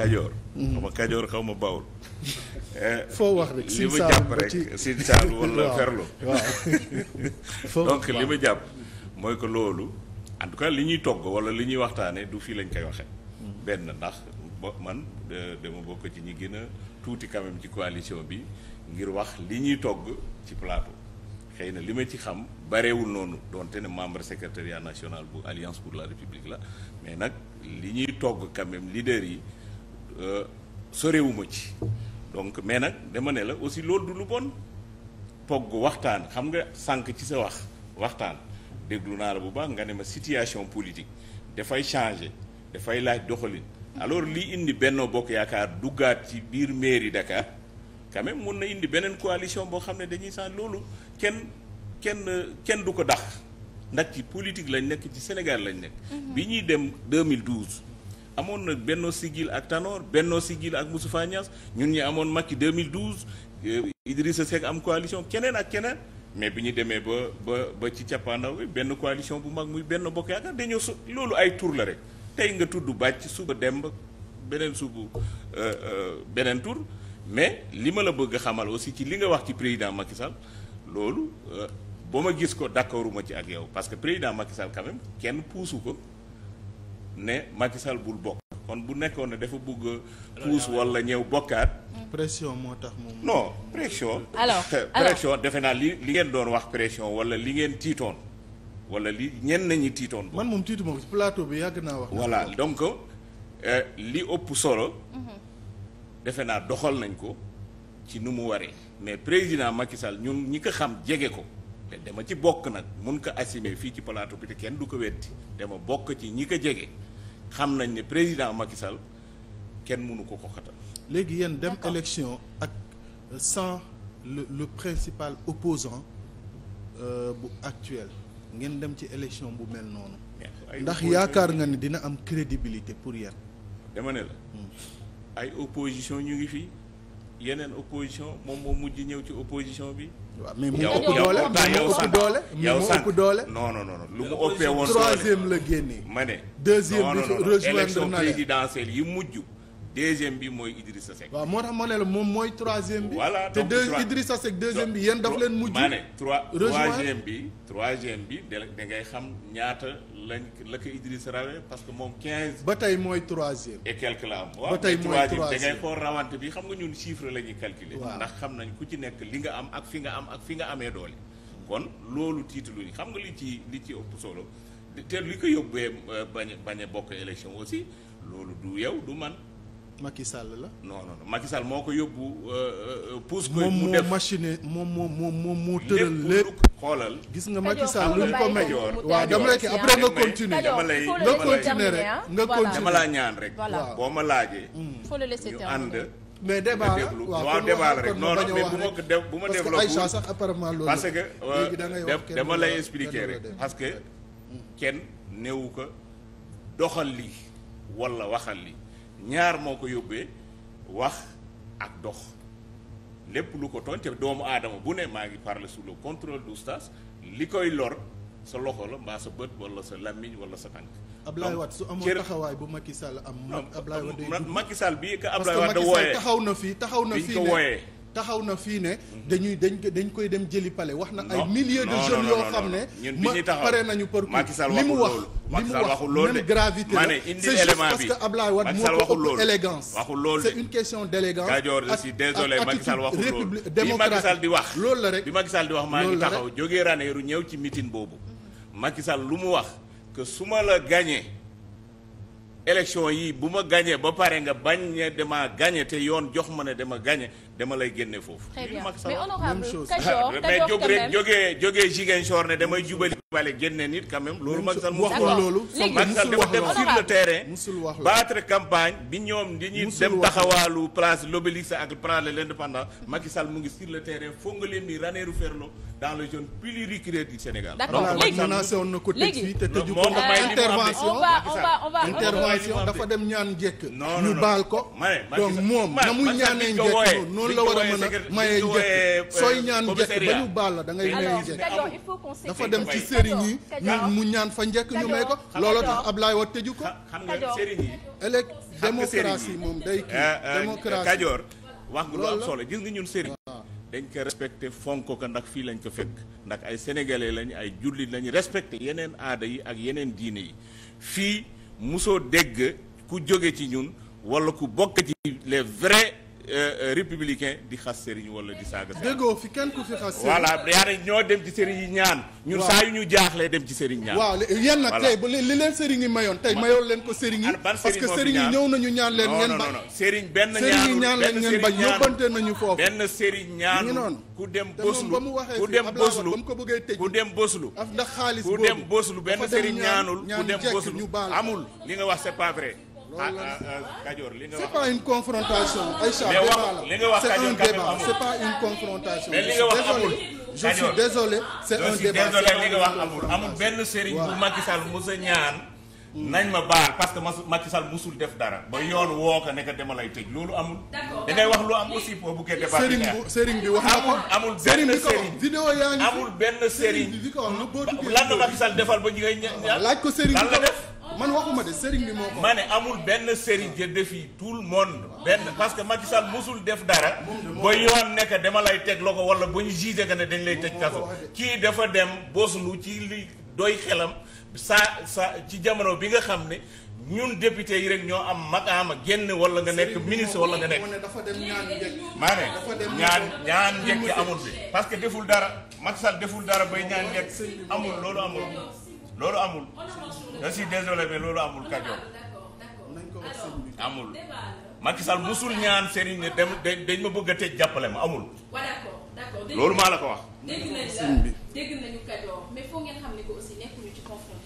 kajoor mm-hmm. xaw kajoor xaw ma bawul eh, foo wax rek li ma jàpp rek sin saalu wala donc li ma jàpp mooy que loolu en tout cas li ñuy togg wala li ñuy waxtaane du fii lañ koy waxe mm-hmm. benn ndax bo man dama bokk ci ñi gën a tuuti quand même ci coalition bi ngir wax li ñuy togg ci plateau xëy na li ma ci xam bareewul noonu donte ne membre secretariat national bu alliance pour la république la mais nag li ñuy togg quand même yi Euh, sorewuma ci donc mais nag dama ne la aussi loolu du lu bon togg waxtaan xam nga sànq ci sa wax waxtaan déglu naa la bu baax nga ne ma situation politique dafay changer dafay laaj doxalin alors li indi Benno Bokk Yaakaar duggaat ci biir mairie daka quand même mun na indi beneen coalition boo xam ne dañuy sànq loolu kenn kenn kenn du ko dax ndax ci politique lañ nekk ci Sénégal lañ nekk. Mhm. bi ñuy dem 2012. amoon nag Benno Siggil ak tanoor Benno Siggil ak Moustapha Niasse ñun ñu amoon Macky 2012 eh, sa Seck am coalition keneen ak keneen mais bi ñu demee ba ba ba ci cappaandaw bi benn coalition bu mag muy benn bokk yaakaar dañoo su loolu ay tur la rek tey nga tudd bàcc suba demb beneen subu euh, euh, beneen tur mais li ma la bëgg xamal aussi ci li nga wax ci président Macky Sall loolu euh, ba ma gis ko d'accorduma ci ak yow parce que président Macky Sall quand même kenn puusu ko ne Macky bul bokk kon bu nekkoon ne dafa bugg a walla ñëw bokkaat. pression moo tax moom. non pression. alors pression defe naa li li ngeen doon wax pression wala li ngeen tiitoon wala li ñenn nañu tiitoon. man moom tiitu ma ko ci plateau bi yàgg naa wax. voilà donc euh, li ëpp solo. Mhm. defe naa doxal nañ ko ci nu mu waree mais président Macky ñun ñi ko xam jege ko. te dama ci bokk nag mun ko assumer fii ci plateau bi te kenn du ko wetti dama bokk ci ñi ko jege. xam nañ ne président Macky Sall kenn mënu ko ko xatal léegi yéen dem élection ak euh, sans le le principal opposant euh, bu actuel ngeen dem ci élection bu mel noonu ndax yaakaar nga ni dina am crédibilité pour yéen dama ne la hmm. ay opposition ñu ngi fii yeneen opposition moom moo mujj ñëw ci opposition bi. waaw mais mu ëpp doole yow sànq yow sànq non non non lu mu ëppee woon troisième la génnee ma ne deuxième bi rejoindre na élection présidentielle yi mujj deuxième bi mooy Idrissa Seck. waaw moo tax ma ne la moom mooy troisième bi. voilà donc te deux Idrissa Seck deuxième bi yéen daf leen mujj. maa bi troisième bi da ngay xam ñaata lañ la ko Idrissa rawee parce que moom quinze. ba tey mooy troisième. et quelque la am. ba tey mooy troisième da ngay xool rawante bi xam nga ñun chiffre la ñuy calculer. ndax xam nañ ku ci nekk li nga am ak fi nga am ak fi nga amee doole. kon loolu tiit tiitluñu xam nga li ci li ci ëpp solo te li ko yóbbee euh, bañ bañ a bokk élection aussi loolu yow du man. Macky Sall la. non non Macky Sall moo ko yóbbu euh, euh, euh, pousse ko mu def moom moo machine moom moo moo moo moo tëral lépp xoolal. gis nga Macky Sall lu ñu ko may. waaw dama lay après nga continuer dama lay nga continuer rek nga continuer dama laa ñaan rek. voilà boo ma laajee. Mm. ñu ànd. mais débat waaw débat la rek non non mais bu ma ko def bu ma développé parce que Aïcha sax apparemment loolu parce que dama lay expliquer rek parce que kenn néewu ko doxal lii wala waxal lii. ñaar moo ko yóbbee wax ak dox lépp lu ko tooñ te doomu aadama bu ne maa ngi parler sous le contrôle du stas li koy lor sa loxo la mbaa sa bët wala sa làmmiñ wala sa tànk. Ablaye Wade su amoon taxawaay bu Macky Sall am. Ablaye Wade Macky Sall bii ka Ablaye Wade wooyee parce que taxaw na fii taxaw na fii ne ko wooyee. taxaw na fii ne mhm. dañuy dañ dañ koy dem jëli pale wax na ay milliers de jeunes yoo xam ne ma pare nañu pour li mu wax li mu wax même gravité la c'est juste parce que Ablaye Wade question d'élégance Kajoor je suis désolé Macky Sall waxul loolu bi Macky di wax loolu la rek bi Macky Sall di wax maa ngi taxaw jógee Ranérou ñëw ci mitin boobu Macky lu mu wax que su ma la gagné élection yi bu ma gagné ba pare nga bañ ne dama gagné te yoon jox ma ne dama gagné dama lay génne foofu. très bien mais honorable ah, Kajoor mais jóg rek jógee jógee Ziguinchor ne damay jubali. bale génne nit quand même loolu Macky Sall wax le terrain battre campagne mu ngi sur le terrain foo nga leen di Ranérou Ferlo dans les zones pluriculaires du Sénégal donc léegi intervention intervention dafa dem ñaan njëkk ñu baal ko donc moom na muy ñaanee njëkk noonu noonu la war a mën a mayee njëkk sooy ñaan njëkk ba ñu baal la da ngay mayee njëkk dafa dem ci sëriñ yi ñu mu ñaan fa njëkk ñu may ko looloo tax Ablaye Wade tëju ko élec démocratie moom day kii eh, eh, démocratie Kajoor wax nga lu am solo gis nga ñun sëriñ dañ ko respecté fonk ko ndax fii lañ ko fekk ndax ay sénégalais lañ ay jullit lañ respecté yeneen aada yi ak yeneen diine yi fii musoo dégg ku jóge ci ñun wala ku bokk ci les Euh, euh, républicain di xas sëriñ wala di saaga sëriñ. kenn ku fi ñoo dem ci sëriñ yi ñaan. ñun saa yu ñu jaaxlee dem ci sëriñ ñaan. waaw yéen nag tey li leen sëriñ yi mayoon tey mayoon leen ko sëriñ yi. parce que sëriñ yi ñëw nañu ñaan leen. ngeen bañ sëriñ benn ñaan leen ngeen bañ yóbbante nañu foofu. benn sëriñ ñaan ku dem boslu ku dem boslu ku dem boslu. ndax xaalis boobu ku dem boslu benn sëriñ ñaanul ku dem boslu amul li nga wax c'est pas Ah, ah, ah, Kajoor li nga wax confrontation. Aïcha li wax Kajoor c'est un débat c'est pas wax amul je suis désolé c'est un débat li nga wax amul amul benn sëriñ bu Macky Sall mos hmm. ñaan. nañ ma baal parce que musul def dara. ba yoon woo ko ne ko dama lay tëj loolu amul. da wax lu am aussi boo buggee débat bi sëriñ bi wax na ko amul benn sëriñ vidéo yaa ngi amul benn sëriñ. lan la Macky Sall defal ba ñu ngay ñaan laaj ko sëriñ bi lan man waxuma de sëriñ bi moo ko. ne amul benn sëriñ je défie tout le monde benn parce que Macky Sall mosul def dara. ba yoon nekk dama lay teg loo ko wala bu ñu jugé que ne dañ lay tëj kaso. kii dafa dem boslu ci li doy xelam sa sa ci jamono bi nga xam ne. ñun député yi rek ñoo am makaama génn wala nga nekk ministre wala nga nekk maa ne ñaan ñaan njëkk amul bi parce que deful dara Macky Sall deful dara bay ñaan njëkk amul loolu amul loolu amul. je suis loolu amul Kajoor. amul. Macky Sall musul ñaan Serigne ne dem dañ ma bëgg a tëj jàppale ma amul. loolu maa la ko wax.